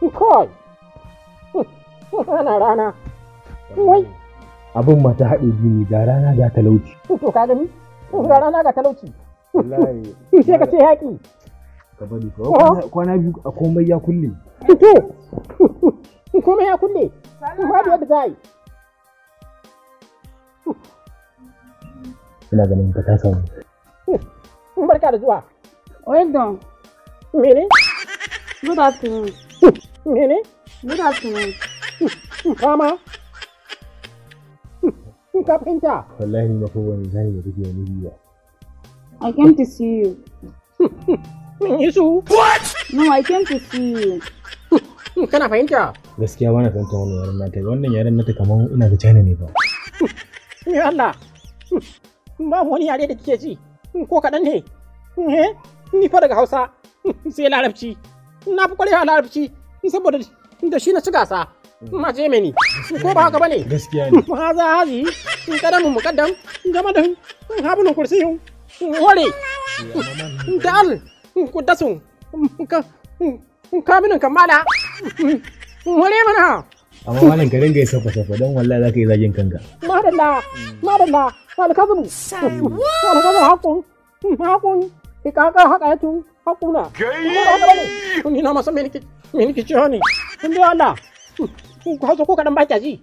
Kawai. Ana rana. Wai. Abin mata haɗe biyu ga rana ga talauci. To ka gani? Ga rana ga talauci. Wallahi. Sai ka ce yaƙi. Ka bari kawai. Kwana biyu a komai ya kulle. To. Komai ya kulle. Babu yadda za a yi. Ina ganin ka ta samu. Barka da zuwa. Wai Oyedon. Mene? Good afternoon. Mene? Good afternoon. Kama? Kafinta? Wallahi na fi wani zai da kake wani biya. I came to see you. Isu? What? No, I came to see you. Kana fahimta? Gaskiya bana fahimta wannan yaren nata. Wannan yaren nata kamar ina da China ne ba. Me Allah? Babu wani yare da kike ji ko kaɗan ne. Eh? Ni fa daga Hausa sai Larabci. na fi kwarewa larabci in saboda da shi na ci gasa ma je meni ko ba haka ba ne? gaskiya ne ma za a haji, in kada mu mukaddam in gama da habulun kursiyin ware da al kudasun in kaminin kamala ware mana amma malam ka dinga yasa fasafa don wallahi ka yi zagin kanka madalla madalla alkazumu alkazumu hakun hakun ikaka haka yatun hakuna gai ni na masa me nake me nake cewa ne kun hmm. hausa ko kadan ba kya ji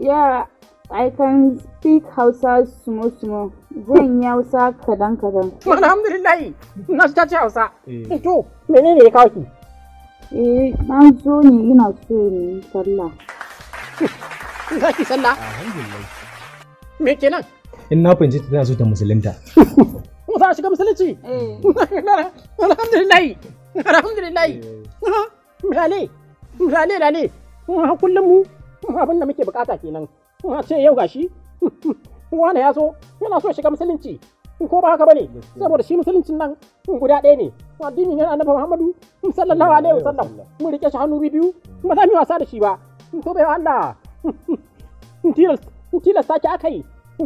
yara I can speak Hausa sumo sumo. Zan yi Hausa kadan kadan. Alhamdulillah. Na ta ce Hausa. Eh. Eh, to, menene ya kawo ki? Eh, na zo ni ina so ne sallah. Za ki sallah? Alhamdulillah. Me kenan? Ina na fahimci tana so ta musulunta. mu sa shiga musulunci alhamdulillahi alhamdulillahi misali misali lale kullum mu abin da muke bukata kenan ce yau gashi wane ya so yana so shiga musulunci ko ba haka bane saboda shi musuluncin nan guda ɗaya ne addini ne annabi Muhammadu sallallahu alaihi wasallam mun rike shi hannu biyu ba za mu wasa da shi ba Ko bai Allah tilas tilas take akai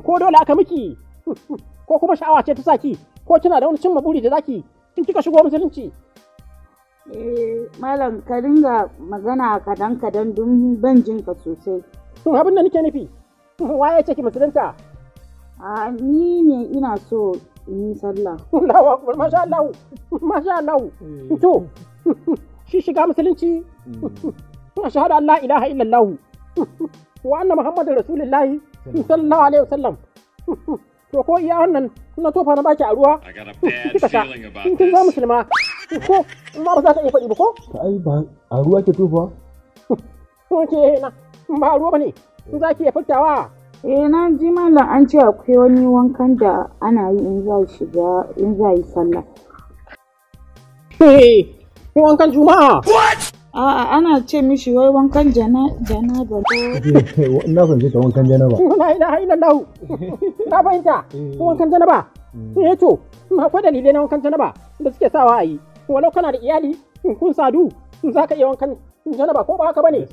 ko dole aka miki ko kuma sha'awa ce ta saki ko kina da wani cimma buri da zaki kin kika shigo musulunci eh malam ka dinga magana kadan kadan dun ban jin ka sosai to abin da nake nufi waye ce ki musulunta a ni ne ina so in yi sallah Allahu akbar masha Allah masha Allah eh. to shi shiga musulunci hmm. ashhadu an la ilaha illallah wa anna muhammadar rasulullahi sallallahu alaihi wasallam to ko iya wannan kuna tofa na baki a ruwa hmm, kika sha in kin za musulma hmm, ko in ba za ka iya faɗi ba ko ta ai ba a ruwa ke tofa hmm, ke na ba ruwa bane in za ki iya furtawa eh na ji mallam an ce akwai wani wankan da ana yi in za shiga in za yi sallah eh wankan juma'a what A'a ana ce mishi wai wankan janaba. Ina son ce ta wankan janaba. Ina ina ina lau. Na fahimta. Mm. Wankan janaba. Mm. Eh to, ma kwa dalilai na wankan janaba da suke sawa a yi. Walau kana da iyali, kun sadu, za ka iya wankan janaba ko ba haka bane?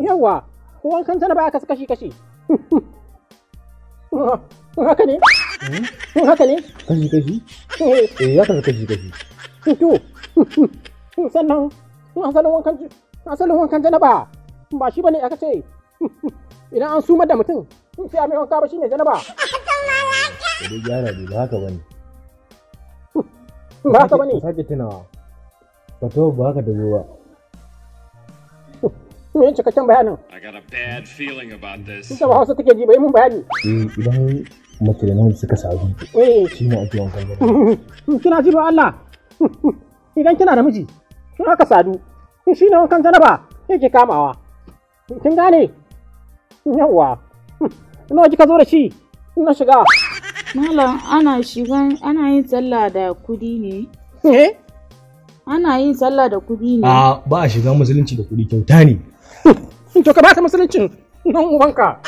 Yawa, wankan janaba aka kashi kashi. Haka ne? Hmm? Hmm, haka ne? Kashi kashi? Eh, eh ya kashi kashi. To, sannan salon wankan asalin wankan janaba ba shi bane aka ce idan an sumar da mutum sai a mai wanka ba shine janaba dai gyara ne ba haka bane ba haka bane sake tunawa ba to ba haka da zo ba me cikakken bayanin I got a bad feeling about this ita ba hausa take ji ba yi mun bayani eh, idan mace da namiji suka sadu eh. shi ne ake wankan janaba kina ji ba Allah idan kina da miji in aka sadu in shi ne wankan zanaba yake kamawa kin gane yawwa ina ji ka zo da shi ina shiga malam ana shigan ana yin sallah da kudi ne eh ana yin sallah da kudi ne ba a shiga musulunci da kudi kyauta ne to ka ba ka musuluncin nan uwanka